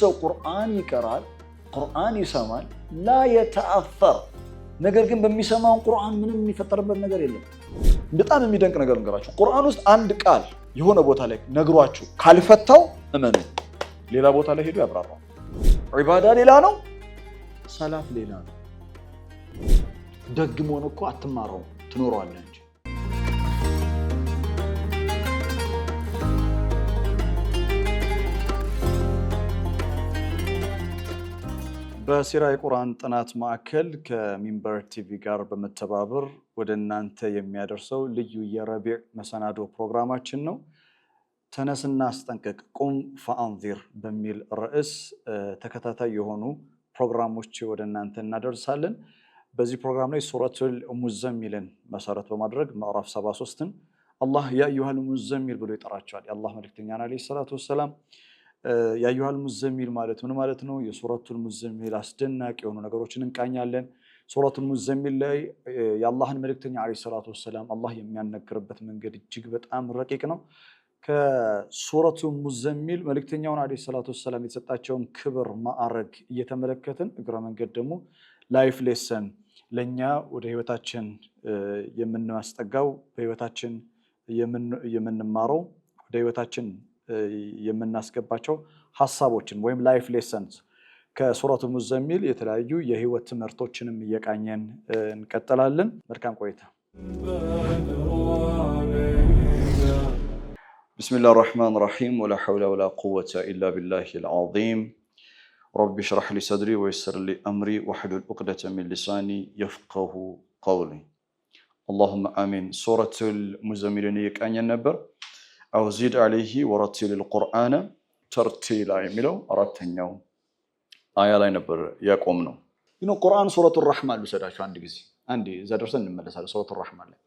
ሰው ቁርአን ይቀራል፣ ቁርአን ይሰማል። ላ የተአፈር ነገር ግን በሚሰማውን ቁርአን ምንም የሚፈጠርበት ነገር የለም። በጣም የሚደንቅ ነገር ንገራችሁ። ቁርአን ውስጥ አንድ ቃል የሆነ ቦታ ላይ ነግሯችሁ ካልፈታው እመኑ፣ ሌላ ቦታ ላይ ሄዱ ያብራራው። ዒባዳ ሌላ ነው፣ ሰላት ሌላ ነው። ደግሞን እኮ አትማረውም፣ ትኖረዋለን በሲራ የቁርአን ጥናት ማዕከል ከሚንበር ቲቪ ጋር በመተባበር ወደ እናንተ የሚያደርሰው ልዩ የረቢዕ መሰናዶ ፕሮግራማችን ነው። ተነስና አስጠንቅቅ፣ ቁም ፈአንዚር በሚል ርዕስ ተከታታይ የሆኑ ፕሮግራሞች ወደ እናንተ እናደርሳለን። በዚህ ፕሮግራም ላይ ሱረቱል ሙዘሚልን መሰረት በማድረግ ምዕራፍ 73ን አላህ ያ አዩሃል ሙዘሚል ብሎ ይጠራቸዋል። የአላህ መልክተኛን ዓለይሂ ሰላቱ ወሰላም ያዩሃል ሙዘሚል ማለት ምን ማለት ነው? የሱረቱል ሙዘሚል አስደናቂ የሆኑ ነገሮችን እንቃኛለን። ሱረቱል ሙዘሚል ላይ የአላህን መልእክተኛ ዓለይሂ ሰላቱ ወሰላም አላህ የሚያነግርበት መንገድ እጅግ በጣም ረቂቅ ነው። ከሱረቱ ሙዘሚል መልእክተኛውን ዓለይሂ ሰላቱ ወሰላም የተሰጣቸውን ክብር ማዕረግ እየተመለከትን እግረ መንገድ ደግሞ ላይፍ ሌሰን ለእኛ ወደ ህይወታችን የምናስጠጋው በህይወታችን የምንማረው ወደ ህይወታችን የምናስገባቸው ሀሳቦችን ወይም ላይፍ ሌሰንስ ከሱረቱ ሙዘሚል የተለያዩ የህይወት ትምህርቶችንም እየቃኘን እንቀጥላለን። መልካም ቆይታ። ብስሚላህ ራህማን ራሒም ወላ ሐውለ ወላ ቁወተ ኢላ ቢላህ ልዓዚም ረቢ ሽራሕ ሊ ሰድሪ ወይስር ሊ አምሪ ወሕሉል ዑቅደተ ሚን ልሳኒ የፍቀሁ ቀውሊ አላሁመ አሚን። ሱረቱል ሙዘሚልን እየቃኘን ነበር። አውዚድ አለይሂ ወረቲል ቁርአነ ተርቲላ የሚለው አራተኛው አያ ላይ ነበር ያቆም ነው። ቁርአን ሱረቱ ራህማን ልውሰዳችሁ አንድ ጊዜ አንድ እዛ ደርሰን እንመለሳለን። ሱረቱ ራህማን ላይ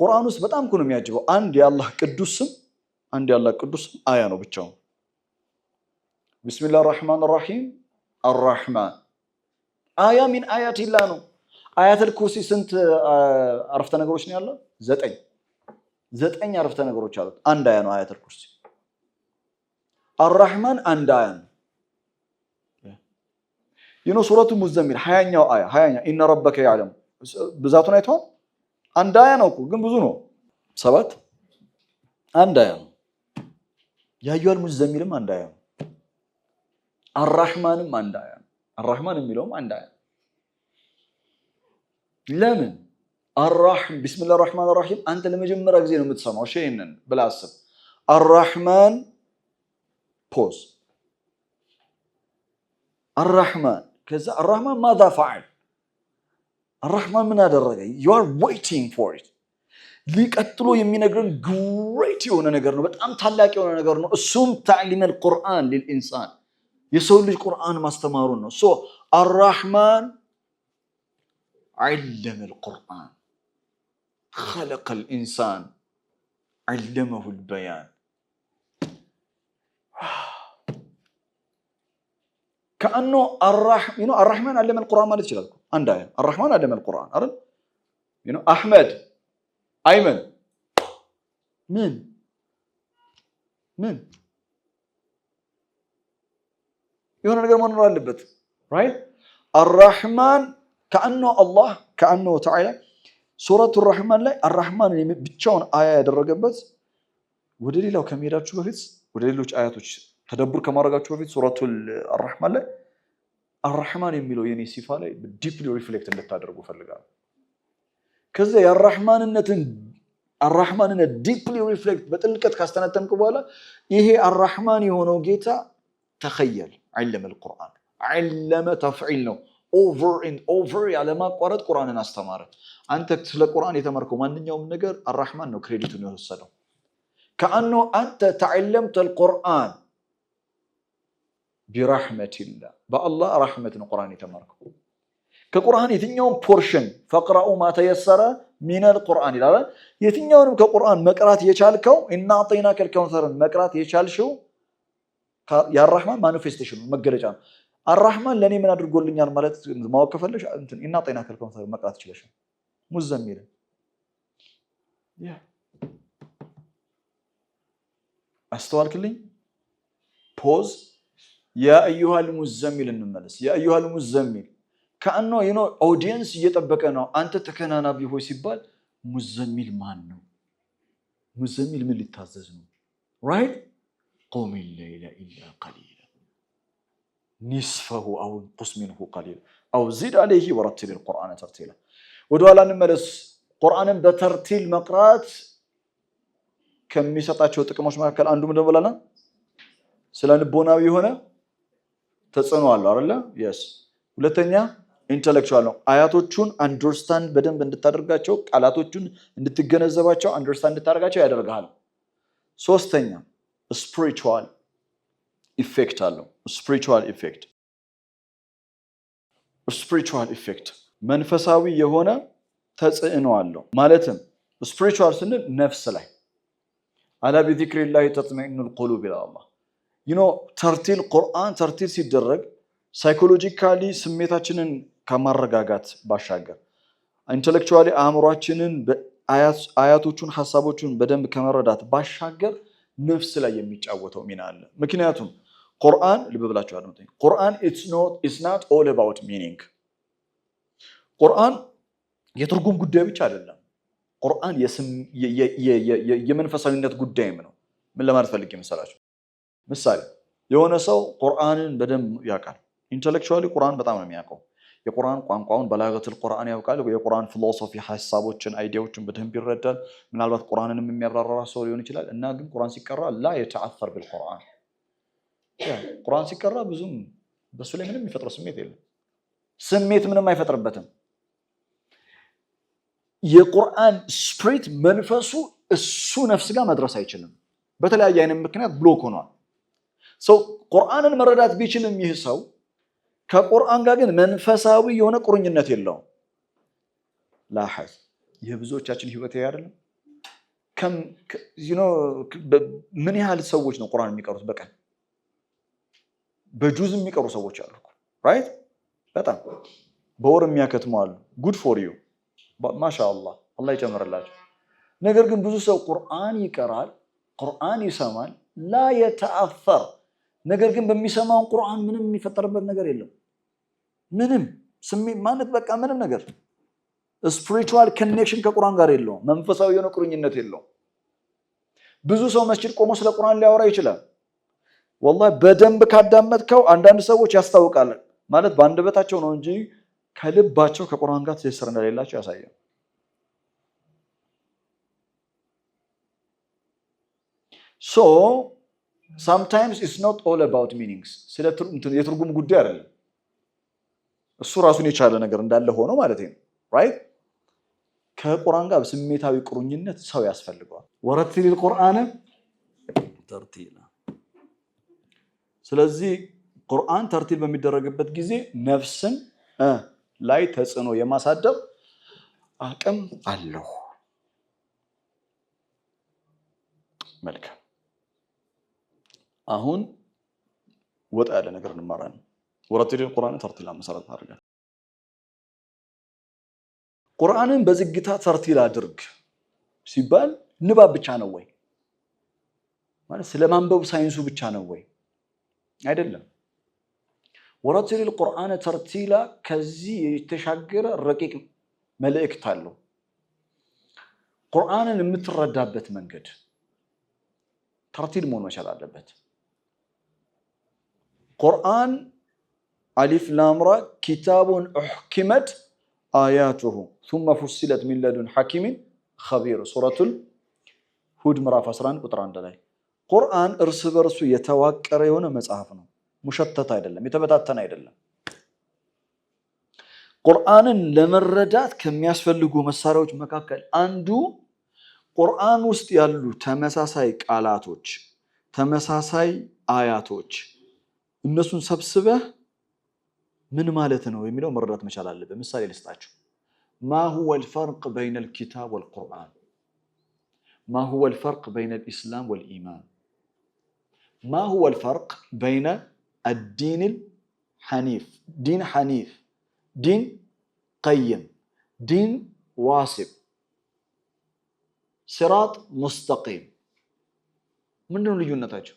ቁርአን ውስጥ በጣም እኮ ነው የሚያጅበው። አንድ የአላህ ቅዱስ ስም አንድ የአላህ ቅዱስ ስም አያ ነው ብቻው ቢስሚላህ ራህማን ራሂም አራህማን አያ ሚን አያት ነው። አያተል ኩርሲ ስንት አረፍተ ነገሮች ነው ያለው? ዘጠኝ ዘጠኝ አረፍተ ነገሮች አሉት። አንድ አያ ነው አያተል ኩርሲ። አራህማን አንድ አያ ነው። ይኖ ሱረቱ ሙዘሚል ሀያኛው አያ ሀያኛ ኢነ ረበከ ያለም ብዛቱን አይተዋል። አንድ አያ ነው እኮ ግን ብዙ ነው። ሰባት አንድ አያ ነው። ያዩዋል ሙዘሚልም አንድ አያ ነው። አራህማንም አንድ አያ ነው። አራህማን የሚለውም አንድ አያ ነው። ለምን አራሕም ቢስሚላህ ራሕማን ራሒም አንተ ለመጀመሪያ ጊዜ ነው የምትሰማው። እሺ ይህንን ብለህ አስብ። አራሕማን ፖዝ፣ አራሕማን ከዛ አራሕማን ማዛ ፈዓል፣ አራሕማን ምን አደረገ? ዩ አር ዌይቲንግ ፎር ኢት ሊቀጥሎ የሚነግረን ግሬት የሆነ ነገር ነው። በጣም ታላቅ የሆነ ነገር ነው። እሱም ታዕሊመል ቁርአን ሊልኢንሳን የሰው ልጅ ቁርአን ማስተማሩን ነው። ሶ አራሕማን ዐለመል ቁርአን خلق الإنسان علمه البيان كأنه الرحمن you know, الرحمن علم القرآن ما ይችላል እኮ አንድ አያ الرحمن علم القرآن أرد you know አህመድ من ምን ምን የሆነ ነገር መኖር አለበት right الرحمن كأنه الله كأنه تعالى ሱረቱ ራህማን ላይ አራህማን ብቻውን አያ ያደረገበት ወደ ሌላው ከመሄዳችሁ በፊት ወደ ሌሎች አያቶች ተደቡር ከማድረጋችሁ በፊት ሱረቱ አራህማን ላይ አራህማን የሚለው የኔ ሲፋ ላይ ዲፕሊ ሪፍሌክት እንድታደርጉ ፈልጋለሁ። ከዚያ የአራህማንነትን አራህማንነት ዲፕሊ ሪፍሌክት በጥልቀት ካስተነተንኩ በኋላ ይሄ አራህማን የሆነው ጌታ ተኸየል ዐለመል ቁርአን ዐለመ ተፍዒል ነው። ኦቨር ኤንድ ኦቨር ያለማቋረጥ ቁርአንን አስተማረ። አንተ ስለ ቁርአን የተማርከው ማንኛውም ነገር አራህማን ነው ክሬዲቱን የወሰደው። ከአኖ አንተ ተዓለምተ ልቁርአን ቢራሕመቲላህ በአላህ ራሕመት ነው ቁርአን የተማርከው። ከቁርአን የትኛውም ፖርሽን ፈቅረኡ ማተየሰረ ሚነል ቁርአን ይላል። የትኛውንም ከቁርአን መቅራት የቻልከው እና አጠይናከል ከውሰርን መቅራት የቻልሽው የአራህማን ማኒፌስቴሽን መገለጫ ነው። አራህማን ለእኔ ምን አድርጎልኛል ማለት ማወቅ ከፈለሽ እና ጤና ከልከም መቅራት ይችለሻል። ሙዘም ይለን አስተዋልክልኝ። ፖዝ የአዩሃል ሙዘሚል እንመለስ። የአዩሃል ሙዘሚል ከአኖ ዩኖ ኦዲየንስ እየጠበቀ ነው። አንተ ተከናናቢ ሆይ ሲባል ሙዘሚል ማን ነው? ሙዘሚል ምን ሊታዘዝ ነው? ራይት ቁሚ ለይላ ኢላ ቀሊላ ኒስፈሁ አው ንቁስ ሚንሁ ቀሊል አው ዚድ አለይህ ወረትል ልቁርአን ተርቲላ። ወደኋላ እንመለስ። ቁርአንን በተርቲል መቅራት ከሚሰጣቸው ጥቅሞች መካከል አንዱ ምንድን ብላለ? ስለ ልቦናዊ የሆነ ተጽዕኖ አለው አለ። የስ ሁለተኛ ኢንተሌክቹዋል ነው። አያቶቹን አንደርስታንድ በደንብ እንድታደርጋቸው፣ ቃላቶቹን እንድትገነዘባቸው፣ አንደርስታንድ እንድታደርጋቸው ያደርግሃል። ሶስተኛ ስፒሪቹዋል ኢፌክት አለው። ስፒሪቹዋል ኢፌክት ስፒሪቹዋል ኢፌክት መንፈሳዊ የሆነ ተጽዕኖ አለው። ማለትም ስፒሪቹዋል ስንል ነፍስ ላይ አላ ላ ተጥመኑ ቁሉብ ይላል አላህ። ተርቲል ቁርአን ተርቲል ሲደረግ ሳይኮሎጂካሊ ስሜታችንን ከማረጋጋት ባሻገር ኢንቴሌክቹዋሊ አእምሯችንን አያቶቹን ሀሳቦቹን በደንብ ከመረዳት ባሻገር ነፍስ ላይ የሚጫወተው ሚና አለ። ምክንያቱም ቁርአን ልብ ብላችሁ አድምጡኝ። ቁርአን ኢትስ ኦል አባውት ሚኒንግ። ቁርአን የትርጉም ጉዳይ ብቻ አይደለም። ቁርአን የመንፈሳዊነት ጉዳይም ነው። ምን ለማለት ፈልጌ መሰላችሁ? ምሳሌ የሆነ ሰው ቁርአንን በደንብ ያውቃል። ኢንተሌክቹዋሊ ቁርአን በጣም ነው የሚያውቀው። የቁርአን ቋንቋውን በላገትል ቁርአን ያውቃል። የቁርአን ፊሎሶፊ ሀሳቦችን፣ አይዲያዎችን በደንብ ይረዳል። ምናልባት ቁርአንንም የሚያብራራ ሰው ሊሆን ይችላል እና ግን ቁርአን ሲቀራ ላ የተአፈር ቢልቁርአን ቁርአን ሲቀራ ብዙም በሱ ላይ ምንም የሚፈጥረው ስሜት የለም። ስሜት ምንም አይፈጥርበትም። የቁርአን ስፕሪት መንፈሱ እሱ ነፍስ ጋር መድረስ አይችልም። በተለያየ አይነት ምክንያት ብሎክ ሆኗል። ሰው ቁርአንን መረዳት ቢችልም ይህ ሰው ከቁርአን ጋር ግን መንፈሳዊ የሆነ ቁርኝነት የለውም። ላሐዝ የብዙዎቻችን ህይወት አይደለም። ምን ያህል ሰዎች ነው ቁርአን የሚቀሩት በቀን? በጁዝ የሚቀሩ ሰዎች አሉ ራይት። በጣም በወር የሚያከትሙ አሉ። ጉድ ፎር ዩ ማሻአላ፣ አላ ይጨምርላቸው። ነገር ግን ብዙ ሰው ቁርአን ይቀራል፣ ቁርአን ይሰማል፣ ላ የተአፈር ነገር ግን በሚሰማውን ቁርአን ምንም የሚፈጠርበት ነገር የለም። ምንም ስሜት ማለት በቃ ምንም ነገር ስፒሪቹዋል ኮኔክሽን ከቁርአን ጋር የለውም። መንፈሳዊ የሆነ ቁርኝነት የለውም። ብዙ ሰው መስጅድ ቆሞ ስለ ቁርአን ሊያወራ ይችላል ወላ በደንብ ካዳመጥከው አንዳንድ ሰዎች ያስታውቃል ማለት በአንደበታቸው ነው እንጂ ከልባቸው ከቁርአን ጋር ትስስር እንደሌላቸው ያሳያል። ሶ ሳምታይምስ ኢትስ ኖት ኦል አባውት ሚኒንግስ ስለ የትርጉም ጉዳይ አይደለም። እሱ ራሱን የቻለ ነገር እንዳለ ሆኖ ማለት ነው ራይት ከቁርአን ጋር ስሜታዊ ቁርኝነት ሰው ያስፈልገዋል። ወረትሊል ቁርአን ተርቲላ ስለዚህ ቁርአን ተርቲል በሚደረግበት ጊዜ ነፍስን ላይ ተጽዕኖ የማሳደር አቅም አለው። መልካም። አሁን ወጣ ያለ ነገር እንማራለን። ወረቲል ቁርአን ተርቲላ መሰረት አድርገን ቁርአንን በዝግታ ተርቲል አድርግ ሲባል ንባብ ብቻ ነው ወይ ማለት ስለማንበብ ሳይንሱ ብቻ ነው ወይ አይደለም። ወረትል ቁርአነ ተርቲላ ከዚህ የተሻገረ ረቂቅ መልእክት አለው። ቁርአንን የምትረዳበት መንገድ ተርቲል መሆን መቻል አለበት። ቁርአን አሊፍ ላምራ ኪታቡን ኡሕኪመት አያቱሁ ሱመ ፉሲለት ሚን ለዱን ሐኪሚን ኸቢር ሱረቱል ሁድ ምዕራፍ 11 ቁጥር 1 ላይ ቁርአን እርስ በርሱ የተዋቀረ የሆነ መጽሐፍ ነው። ሙሸተት አይደለም፣ የተበታተነ አይደለም። ቁርአንን ለመረዳት ከሚያስፈልጉ መሳሪያዎች መካከል አንዱ ቁርአን ውስጥ ያሉ ተመሳሳይ ቃላቶች፣ ተመሳሳይ አያቶች እነሱን ሰብስበህ ምን ማለት ነው የሚለው መረዳት መቻል አለብህ። ምሳሌ ልስጣችሁ። ማሁወ ልፈርቅ በይነ ልኪታብ ወልቁርአን ማሁወ ልፈርቅ በይነ ልኢስላም ወልኢማን ما هو الفرق بين الدين الحنيف دين حنيف دين قيم دين واسب صراط مستقيم من نريد النتائج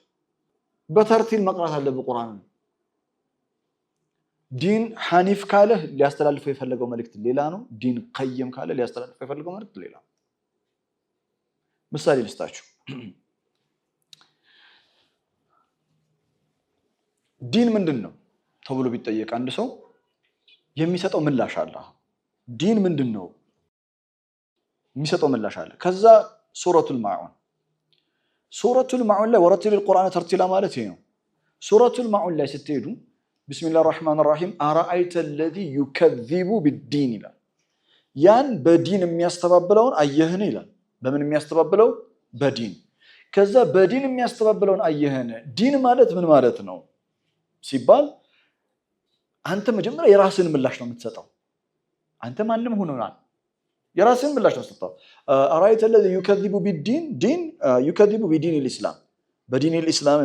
بثرتي المقرأة هذا بالقرآن دين حنيف كاله اللي استلال في فلقة ملك الليلانو دين قيم كاله اللي استلال في فلقة ملك الليلانو مثالي نستاجو ዲን ምንድን ነው ተብሎ ቢጠየቅ አንድ ሰው የሚሰጠው ምላሽ አለ። ዲን ምንድን ነው የሚሰጠው ምላሽ አለ። ከዛ ሱረቱል ማዑን ሱረቱል ማዑን ላይ ወረቲል ቁርአን ተርቲላ ማለት ይሄ ነው። ሱረቱል ማዑን ላይ ስትሄዱ ብስሚላህ ራህማን ራሂም አራአይተ ለዚ ዩከዚቡ ቢዲን ይላል። ያን በዲን የሚያስተባብለውን አየህን ይላል። በምን የሚያስተባብለው በዲን ከዛ በዲን የሚያስተባብለውን አየህን ዲን ማለት ምን ማለት ነው? ሲባል አንተ መጀመሪያ የራስን ምላሽ ነው የምትሰጠው። አንተ ማንም ሆኖናል የራስን ምላሽ ነው ስጠው። አራይተ ዩከቡ ዩከዚቡ ቢዲን ዲን ዩከቡ ቢዲን ልስላም በዲን ልስላም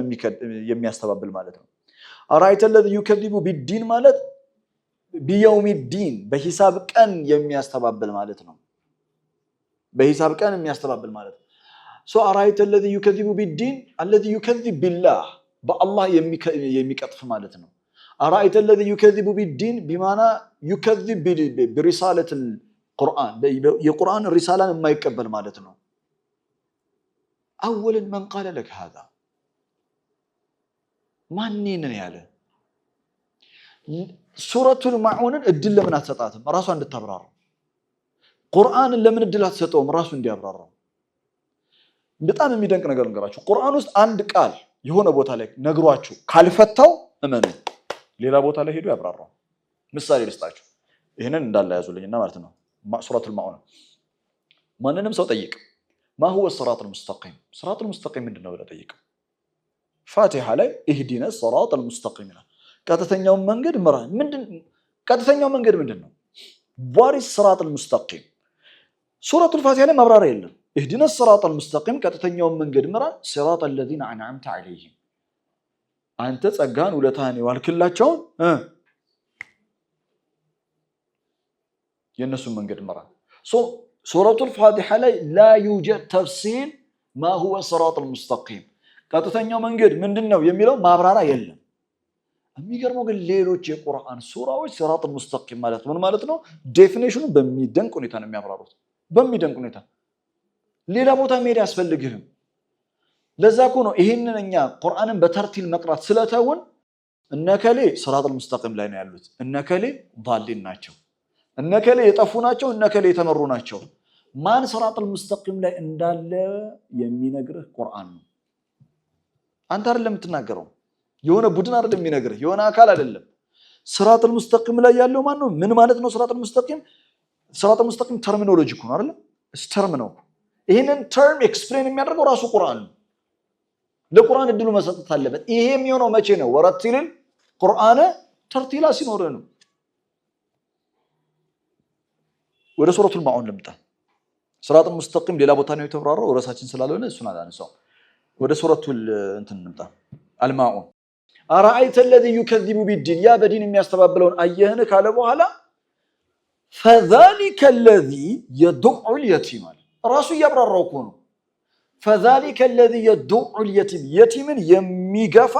የሚያስተባብል ማለት ነው። አራይተ ለዚ ቢዲን ማለት ቢየውሚ ዲን በሂሳብ ቀን የሚያስተባብል ማለት ነው። በሂሳብ ቀን የሚያስተባብል ማለት ነው። አራይተ ለዚ ቢዲን አለ ዩከቡ ቢላህ በአላህ የሚቀጥፍ ማለት ነው። አራአይተ ለዚ ዩከዚቡ ቢዲን ቢማና ዩከዚብ ብሪሳለት ቁርአን የቁርአን ሪሳላን የማይቀበል ማለት ነው። አወልን መን ቃለ ለክ ሃዛ ማንንን ያለ ሱረቱን ማዑንን እድል ለምን አትሰጣትም? ራሷ እንድታብራራው። ቁርአንን ለምን እድል አትሰጠውም? ራሱ እንዲያብራራው። በጣም የሚደንቅ ነገር እንገራችሁ። ቁርአን ውስጥ አንድ ቃል የሆነ ቦታ ላይ ነግሯችሁ ካልፈታው እመኑ፣ ሌላ ቦታ ላይ ሄዱ ያብራራው። ምሳሌ ልስጣችሁ። ይህንን እንዳለ ያዙልኝና ማለት ነው። ሱረቱል ማዑን ማንንም ሰው ጠይቅ። ማሁወ ስራቱል ሙስተቂም፣ ስራቱል ሙስተቂም ምንድን ነው ብለህ ጠይቀው። ፋቲሃ ላይ እህዲነ ስራቱል ሙስተቂም ይላል። ቀጥተኛውን መንገድ ምራ። ቀጥተኛው መንገድ ምንድን ነው? ዋሪ ስራቱል ሙስተቂም። ሱረቱል ፋቲሃ ላይ ማብራሪያ የለም። ኢህዲነ ሲራጥ አልሙስተቂም ቀጥተኛውን መንገድ ምራ ሲራጥ አለዚነ አንዓምተ ዐለይሂም አንተ ጸጋን ውለታን የዋልክላቸውን የእነሱን መንገድ ምራን። ሱረቱል ፋቲሓ ላይ ላ ዩጀድ ተፍሲል ማ ሁወ ሲራጥ አልሙስተቂም ቀጥተኛው መንገድ ምንድን ነው የሚለው ማብራራ የለም። የሚገርመው ግን ሌሎች የቁርአን ሱራዎች ሲራጥ አልሙስተቂም ማለት ምን ማለት ነው? ዴፊኔሽኑ በሚደንቅ ሁኔታ ነው የሚያብራሩት፣ በሚደንቅ ሁኔታ ሌላ ቦታ መሄድ አያስፈልግህም። ለዛ እኮ ነው ይህንን እኛ ቁርአንን በተርቲል መቅራት ስለተውን እነከሌ ስራጥ ሙስተቂም ላይ ነው ያሉት፣ እነከሌ ባሊን ናቸው፣ እነከሌ የጠፉ ናቸው፣ እነከሌ የተመሩ ናቸው። ማን ስራጥ ሙስተቂም ላይ እንዳለ የሚነግርህ ቁርአን ነው። አንተ አይደለም የምትናገረው፣ የሆነ ቡድን አይደለም የሚነግርህ፣ የሆነ አካል አይደለም። ስራጥ ሙስተቂም ላይ ያለው ማን ነው? ምን ማለት ነው? ስራጥ ሙስተቂም ስራጥ ሙስተቂም ተርሚኖሎጂ ነው አይደለም፣ ስተርም ነው ይህንን ተርም ኤክስፕሌን የሚያደርገው ራሱ ቁርአን ነው። ለቁርአን እድሉ መሰጠት አለበት። ይሄ የሚሆነው መቼ ነው? ወረቲልን ቁርአነ ተርቲላ ሲኖር ነው። ወደ ሱረቱል ማዑን ልምጣ። ስራጥን ሙስተቂም ሌላ ቦታ ነው የተብራራው፣ ርዕሳችን ስላልሆነ እሱን አላነሳው። ወደ ሱረቱል እንትን ልምጣ። አልማዑን አረአይተ ለዚ ዩከዚቡ ቢዲን ያ በዲን የሚያስተባብለውን አየህን ካለ በኋላ ፈዛሊከ ለዚ የዱዑል የቲም ራሱ እያብራራው እኮ ነው። ፈዛሊከ ለዚ የዱዑ ልየቲም የቲምን የሚገፋ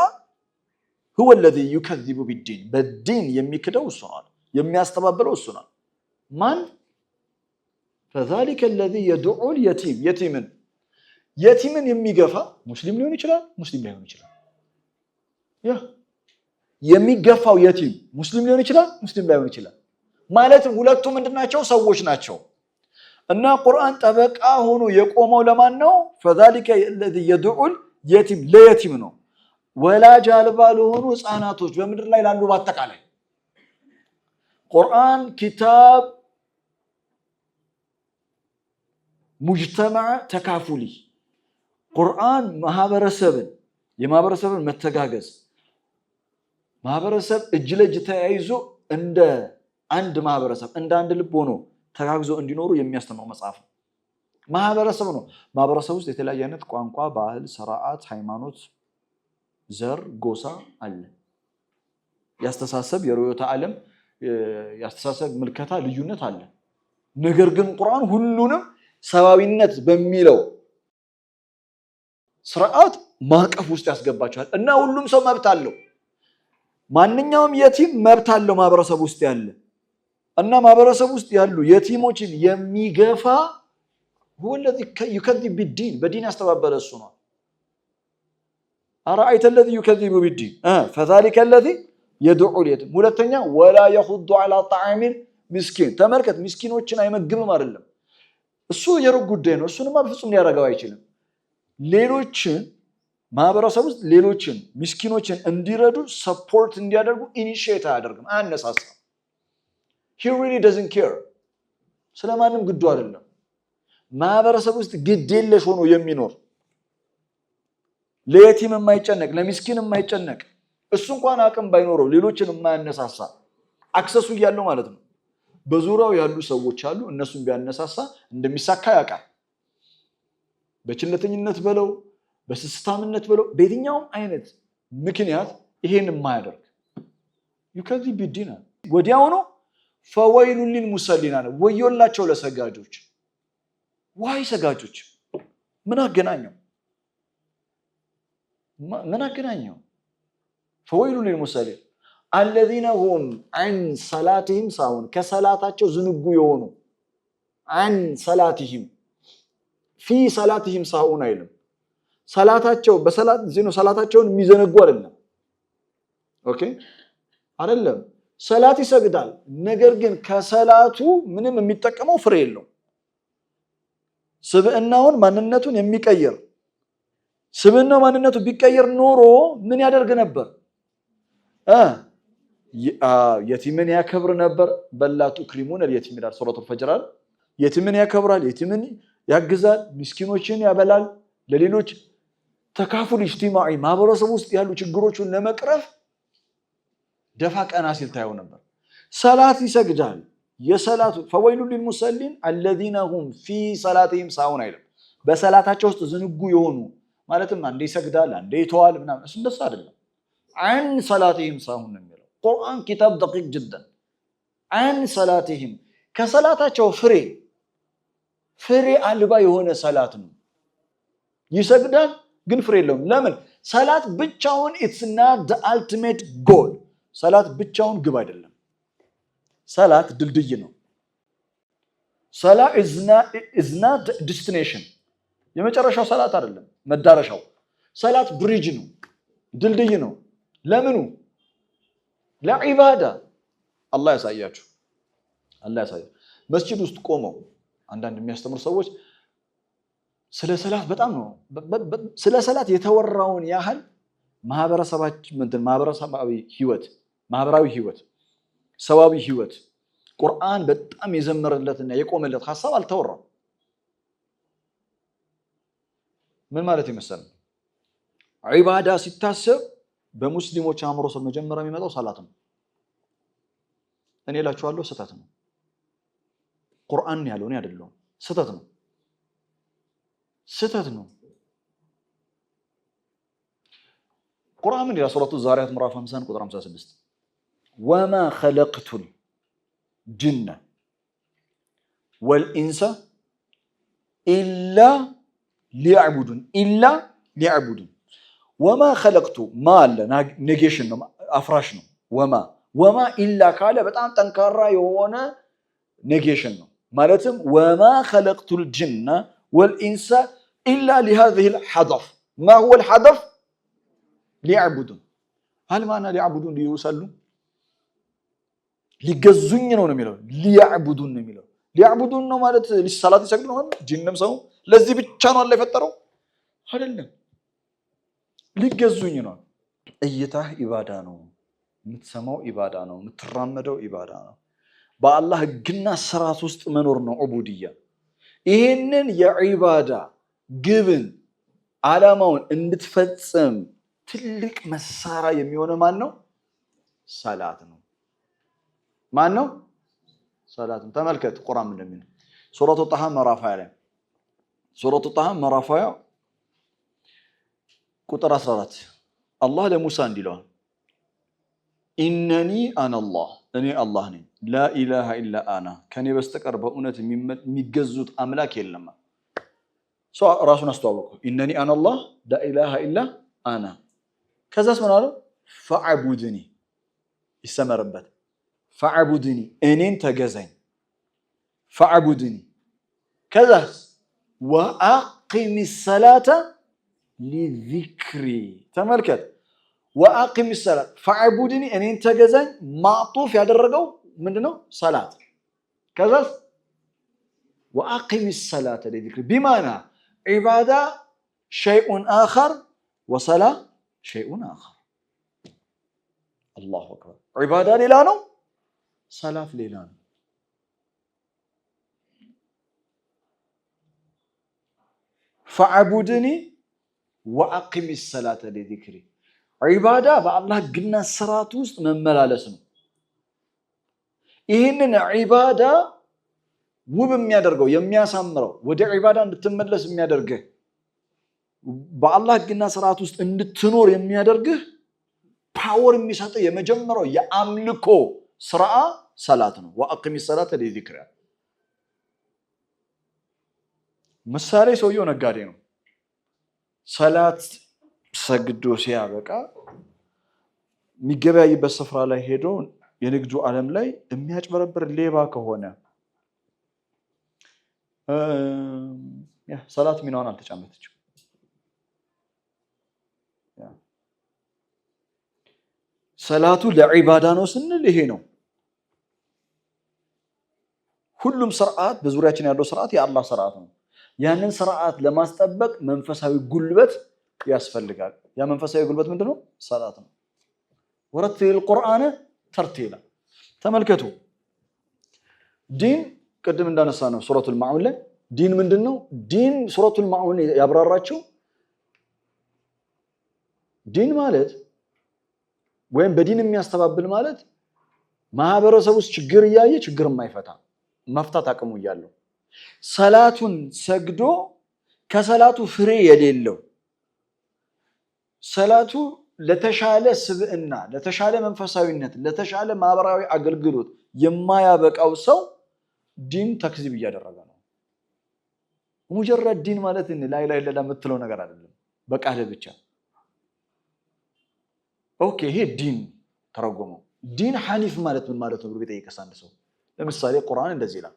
ህወ ለዚ ዩከዚቡ ቢዲን በዲን የሚክደው እሱ ነው የሚያስተባብለው እሱ ነው። ማን ፈዛሊከ ለዚ የዱዑ ልየቲም የቲምን የቲምን የሚገፋ ሙስሊም ሊሆን ይችላል፣ ሙስሊም ላይሆን ይችላል። ያ የሚገፋው የቲም ሙስሊም ሊሆን ይችላል፣ ሙስሊም ላይሆን ይችላል። ማለት ሁለቱ ምንድናቸው ሰዎች ናቸው። እና ቁርአን ጠበቃ ሆኖ የቆመው ለማን ነው? ፈዛሊከ ለዚ የድዑል የቲም ለየቲም ነው። ወላጅ አልባ ለሆኑ ህፃናቶች፣ በምድር ላይ ላሉ በአጠቃላይ ቁርአን ኪታብ ሙጅተማዕ ተካፉሊ ቁርአን ማህበረሰብን የማህበረሰብን መተጋገዝ ማህበረሰብ እጅ ለእጅ ተያይዞ እንደ አንድ ማህበረሰብ እንደ አንድ ልብ ሆኖ ተጋግዞ እንዲኖሩ የሚያስተምር መጽሐፍ ነው። ማህበረሰብ ነው። ማህበረሰብ ውስጥ የተለያየ አይነት ቋንቋ፣ ባህል፣ ስርዓት፣ ሃይማኖት፣ ዘር፣ ጎሳ አለ። ያስተሳሰብ የርዕዮተ ዓለም ያስተሳሰብ ምልከታ ልዩነት አለ። ነገር ግን ቁርአን ሁሉንም ሰብአዊነት በሚለው ስርዓት ማዕቀፍ ውስጥ ያስገባቸዋል እና ሁሉም ሰው መብት አለው። ማንኛውም የቲም መብት አለው ማህበረሰብ ውስጥ ያለ እና ማህበረሰብ ውስጥ ያሉ የቲሞችን የሚገፋ ሁለዚ ዩከዚብ ቢዲን በዲን ያስተባበለ እሱ ነው። አረአይተ ለዚ ዩከዚቡ ቢዲን ፈዛሊከ ለዚ የድዑ ልየቲም። ሁለተኛ ወላ የኹዱ ዐላ ጣዓሚል ምስኪን ተመልከት፣ ምስኪኖችን አይመግብም አይደለም። እሱ የሩቅ ጉዳይ ነው። እሱንማ በፍጹም ሊያደርገው አይችልም። ሌሎችን ማህበረሰብ ውስጥ ሌሎችን ምስኪኖችን እንዲረዱ ሰፖርት እንዲያደርጉ ኢኒሺየት አያደርግም፣ አያነሳሳም። ሂ ሪሊ ደዝንት ኬር ስለማንም ግዱ አይደለም። ማህበረሰብ ውስጥ ግድ የለሽ ሆኖ የሚኖር ለየቲም የማይጨነቅ ለሚስኪን የማይጨነቅ እሱ እንኳን አቅም ባይኖረው ሌሎችን የማያነሳሳ አክሰሱ እያለው ማለት ነው። በዙሪያው ያሉ ሰዎች አሉ። እነሱን ቢያነሳሳ እንደሚሳካ ያውቃል። በችለተኝነት በለው በስስታምነት በለው በየትኛውም አይነት ምክንያት ይሄን የማያደርግ ዩከዚ ቢዲና ወዲያውኑ ፈወይሉ ሊል ሙሰሊና ወዮላቸው ለሰጋጆች። ዋይ ሰጋጆች ምን አገናኘው? ምን አገናኘው? ፈወይሉ ሊል አለዚነ ሁም አን ሰላትህም ሳሁን ከሰላታቸው ዝንጉ የሆኑ አን ሰላትህም ፊ ሰላትህም ሳሁን አይልም። ሰላታቸው በሰላት ሰላታቸውን የሚዘነጉ አይደለም። ኦኬ አይደለም ሰላት ይሰግዳል። ነገር ግን ከሰላቱ ምንም የሚጠቀመው ፍሬ የለው። ስብዕናውን ማንነቱን የሚቀይር ስብዕናው ማንነቱ ቢቀየር ኖሮ ምን ያደርግ ነበር? የቲምን ያከብር ነበር። በላቱ ክሪሙን የቲም ይላል ሱረቱል ፈጅር። የቲምን ያከብራል፣ የቲምን ያግዛል፣ ምስኪኖችን ያበላል። ለሌሎች ተካፉል ኢጅቲማዒ ማህበረሰብ ውስጥ ያሉ ችግሮችን ለመቅረፍ ደፋ ቀና ሲል ታየው ነበር። ሰላት ይሰግዳል። የሰላቱ ፈወይሉ ሊልሙሰሊን አለዚነ ሁም ፊ ሰላትህም ሳሁን አይልም። በሰላታቸው ውስጥ ዝንጉ የሆኑ ማለትም አንዴ ይሰግዳል፣ አንዴ ይተዋል ምናምን፣ እሱ እንደሱ አይደለም። አን ሰላትህም ሳሁን ነው የሚለው ቁርአን ኪታብ ደቂቅ ጅደን አን ሰላትህም ከሰላታቸው ፍሬ ፍሬ አልባ የሆነ ሰላት ነው። ይሰግዳል ግን ፍሬ የለውም። ለምን ሰላት ብቻውን ኢትስ ናት ዘ አልቲሜት ጎል ሰላት ብቻውን ግብ አይደለም። ሰላት ድልድይ ነው። ሰላ ኢዝና ዲስቲኔሽን የመጨረሻው ሰላት አይደለም መዳረሻው። ሰላት ብሪጅ ነው፣ ድልድይ ነው። ለምኑ ለዒባዳ አላህ ያሳያችሁ፣ አላህ ያሳያችሁ። መስጂድ ውስጥ ቆመው አንዳንድ የሚያስተምሩ ሰዎች ስለ ሰላት በጣም ነው ስለ ሰላት የተወራውን ያህል ማህበረሰባዊ ህይወት ማህበራዊ ህይወት፣ ሰብአዊ ህይወት ቁርአን በጣም የዘመረለትና የቆመለት ሀሳብ አልተወራም። ምን ማለት ይመስላል? ዒባዳ ሲታሰብ በሙስሊሞች አእምሮ ስር መጀመሪያ የሚመጣው ሰላት ነው። እኔ እላችኋለሁ ስህተት ነው። ቁርአን ያለው እኔ አይደለሁም። ስህተት ነው፣ ስህተት ነው። ቁርአን ምን ይላል? ሱረቱ ዛሪያት ምዕራፍ 50 ቁጥር 56 ወማ ኸለቅቱል ጅነ ወልኢንሳ ኢላ ሊያዕቡዱን ኢላ ሊያዕቡዱን ወማ ኸለቅቱ ማ አለ ኔጌሽን ነው፣ አፍራሽ ነው። ወማ ወማ ኢላ ካለ በጣም ጠንካራ የሆነ ኔጌሽን ነው። ማለትም ወማ ኸለቅቱል ጅነ ወልኢንሳ ኢላ ሊሃዚሂል ሐደፍ ማ ሁወል ሐደፍ ሊያዕቡዱን ሀል ሊያዕቡዱን ሊዩሰሉ ሊገዙኝ ነው የሚለው ሊያዕቡዱን ነው የሚለው ሊያዕቡዱን ነው ማለት ሰላት ሊሰግዱ ነው ጅንም ሰው ለዚህ ብቻ ነው አለ የፈጠረው አይደለም። ሊገዙኝ ነው። እይታህ ኢባዳ ነው። የምትሰማው ኢባዳ ነው። የምትራመደው ኢባዳ ነው። በአላህ ህግና ስርዓት ውስጥ መኖር ነው ዑቡድያ። ይህንን የዒባዳ ግብን ዓላማውን እንድትፈጽም ትልቅ መሳሪያ የሚሆነ ማን ነው? ሰላት ነው። ማን ነው? ሰላት ተመልከት ቁራም ምን እንደሚል ሱረቱ ጣሃ ምዕራፍ ሃያ ላይ ሱረቱ ጣሃ ምዕራፍ ሃያ ቁጥር 14 አላህ ለሙሳ እንዲለዋል ኢነኒ አነላህ እኔ አላህ ነኝ፣ ላኢላሃ ኢላ አና ከኔ በስተቀር በእውነት የሚገዙት አምላክ የለም። ሰው ራሱን አስተዋወቀ። ኢነኒ አነላህ ላኢላሃ ኢላ አና። ከዛስ ምን አለው? ፈዕቡድኒ ይሰመርበት فاعبدني ان انت جزين فاعبدني كذا واقم الصلاه لذكري تملكت واقم الصلاه فاعبدني ان انت جزين معطوف يا درجه منه صلاه كذا واقم الصلاه لذكري بمعنى عباده شيء اخر وصلاه شيء اخر الله اكبر عباده لا ሰላት ሌላ ነው። ፈአቡድኒ ወአቂም ሰላተ ሊዚክሪ ዒባዳ በአላህ ህግና ስርዓት ውስጥ መመላለስ ነው። ይህንን ዒባዳ ውብ የሚያደርገው የሚያሳምረው ወደ ዒባዳ እንድትመለስ የሚያደርግህ በአላህ ህግና ስርዓት ውስጥ እንድትኖር የሚያደርግህ ፓወር የሚሰጥህ የመጀመሪያው የአምልኮ ስርአ ሰላት ነው። ወአቅሚ ሰላት ለዚክራ ምሳሌ ሰውየው ነጋዴ ነው። ሰላት ሰግዶ ሲያበቃ የሚገበያይበት ስፍራ ላይ ሄዶ የንግዱ ዓለም ላይ የሚያጭበረብር ሌባ ከሆነ ሰላት ሚናዋን አልተጫመተችም። ሰላቱ ለዒባዳ ነው ስንል ይሄ ነው። ሁሉም ስርዓት በዙሪያችን ያለው ስርዓት የአላህ ስርዓት ነው። ያንን ስርዓት ለማስጠበቅ መንፈሳዊ ጉልበት ያስፈልጋል። ያ መንፈሳዊ ጉልበት ምንድን ነው? ሰላት ነው። ወረትል ቁርአነ ተርቲላ። ተመልከቱ ዲን ቅድም እንዳነሳ ነው ሱረቱል ማዑን ላይ ዲን ምንድን ነው? ዲን ሱረቱል ማዑን ያብራራቸው ዲን ማለት ወይም በዲን የሚያስተባብል ማለት ማህበረሰብ ውስጥ ችግር እያየ ችግር የማይፈታ መፍታት አቅሙ እያለው ሰላቱን ሰግዶ ከሰላቱ ፍሬ የሌለው ሰላቱ ለተሻለ ስብዕና፣ ለተሻለ መንፈሳዊነት፣ ለተሻለ ማህበራዊ አገልግሎት የማያበቃው ሰው ዲን ተክዚብ እያደረገ ነው። ሙጀረድ ዲን ማለት ላይ ለላ የምትለው ነገር አይደለም በቃል ብቻ ኦኬ ይሄ ዲን ተረጎመው። ዲን ሐኒፍ ማለት ምን ማለት ነው ብሎ ቢጠይቀስ አንድ ሰው ለምሳሌ ቁርአን እንደዚህ ይላል፣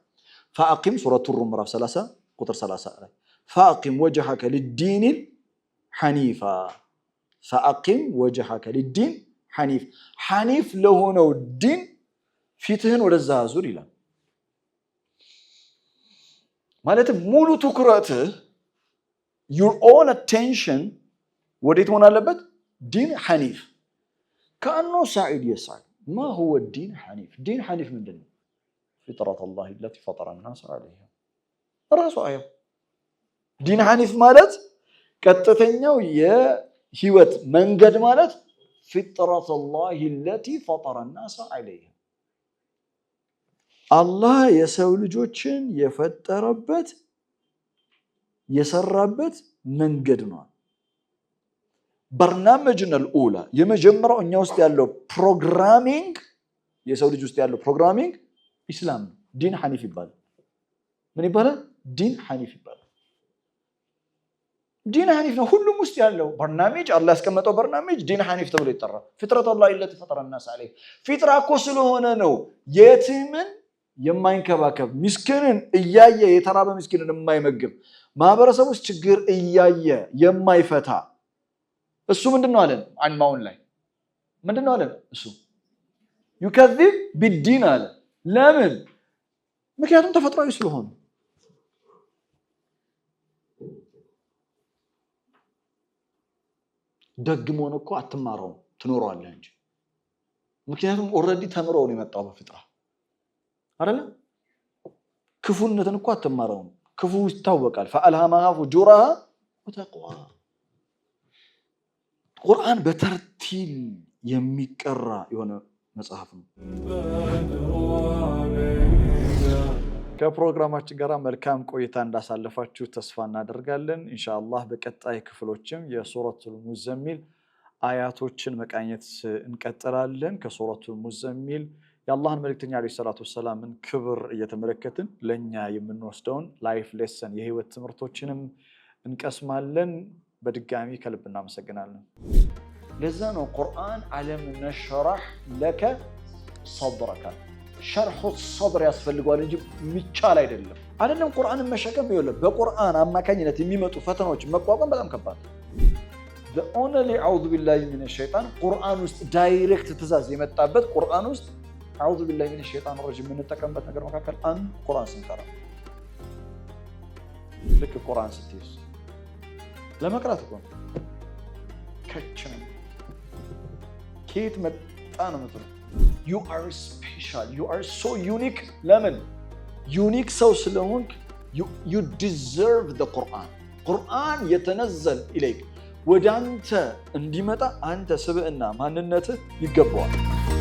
ፈአቂም ሱረቱ ሩም ምዕራፍ 30 ቁጥር 30 ላይ ፈአቂም ወጀሐከ ሊዲን ሐኒፋ፣ ፈአቂም ወጀሐከ ሊዲን ሐኒፍ፣ ሐኒፍ ለሆነው ዲን ፊትህን ወደዛ አዙር ይላል። ማለትም ሙሉ ትኩረትህ ዩር ኦል አቴንሽን ወዴት መሆን አለበት? ዲን ሐኒፍ كأنه سعيد يسأل ما هو الدين حنيف؟ الدين حنيف من دنيا فطرة الله التي فطر الناس عليها رأسه آية دين حنيف مالت كتتنيا ويا هيوت من قد مالت فطرة الله التي فطر الناس عليها الله يسول جوتشن يفتربت يسربت من قد مالت በርናመጅነል ልኡላ የመጀመሪያው እኛ ውስጥ ያለው ፕሮግራሚንግ የሰው ልጅ ውስጥ ያለው ፕሮግራሚንግ ኢስላም ነው። ዲን ሐኒፍ ይባላል። ምን ይባላል? ዲን ሐኒፍ ይባላል። ዲን ሐኒፍ ነው ሁሉም ውስጥ ያለው በርናሜጅ አላህ ያስቀመጠው በርናሜጅ ዲን ሐኒፍ ተብሎ ይጠራል። ፊጥረት አላህ ለቲ ፈጠረ ናስ ዐለይህ ፊጥራ እኮ ስለሆነ ነው የትምን የማይንከባከብ ምስኪንን እያየ የተራበ ምስኪንን የማይመግብ ማህበረሰብ ውስጥ ችግር እያየ የማይፈታ እሱ ምንድን ነው አለን? አንማውን ላይ ምንድን ነው አለን? እሱ ዩከዚብ ቢዲን አለ። ለምን? ምክንያቱም ተፈጥሯዊ ስለሆኑ ደግ መሆን እኮ አትማረውም፣ ትኖረዋለህ እንጂ ምክንያቱም ኦልሬዲ ተምረው ነው የመጣው በፍጥራ አይደለም። ክፉነትን እኮ አትማረውም፣ ክፉ ይታወቃል። ፈአልሃማሃ ፉጁራሃ ወተቅዋ ቁርአን በተርቲል የሚቀራ የሆነ መጽሐፍ ነው። ከፕሮግራማችን ጋር መልካም ቆይታ እንዳሳለፋችሁ ተስፋ እናደርጋለን። ኢንሻአላህ በቀጣይ ክፍሎችም የሱረቱል ሙዘሚል አያቶችን መቃኘት እንቀጥላለን። ከሱረቱል ሙዘሚል የአላህን መልእክተኛ ዓለይሂ ሰላቱ ወሰላምን ክብር እየተመለከትን ለእኛ የምንወስደውን ላይፍ ሌሰን የህይወት ትምህርቶችንም እንቀስማለን። በድጋሚ ከልብ እናመሰግናለን። ለዛ ነው ቁርአን አለም ነሽራህ ለከ ሰድረከ ሸርሑ ሰድር ያስፈልገዋል እንጂ የሚቻል አይደለም። አይደለም ቁርአንን መሸከም ይለ በቁርአን አማካኝነት የሚመጡ ፈተናዎች መቋቋም በጣም ከባድ ኦነሊ አዑዙ ቢላሂ ሚነ ሸይጣን ቁርአን ውስጥ ዳይሬክት ትእዛዝ የመጣበት ቁርአን ውስጥ አዑዙ ቢላሂ ሚነ ሸይጣን ረጂም የምንጠቀምበት ነገር መካከል አንድ ቁርአን ስንቀራ ልክ ቁርአን ስትይዝ ለመቅራት እኮ ነው። ከች ነው ከየት መጣ ነው ምትሉ። ዩ አር ስፔሻል ዩ አር ሶ ዩኒክ። ለምን ዩኒክ ሰው ስለሆንክ ዩ ዲዘርቭ ቁርአን ቁርአን የተነዘል ኢለይክ ወደ አንተ እንዲመጣ አንተ ስብዕና ማንነትህ ይገባዋል።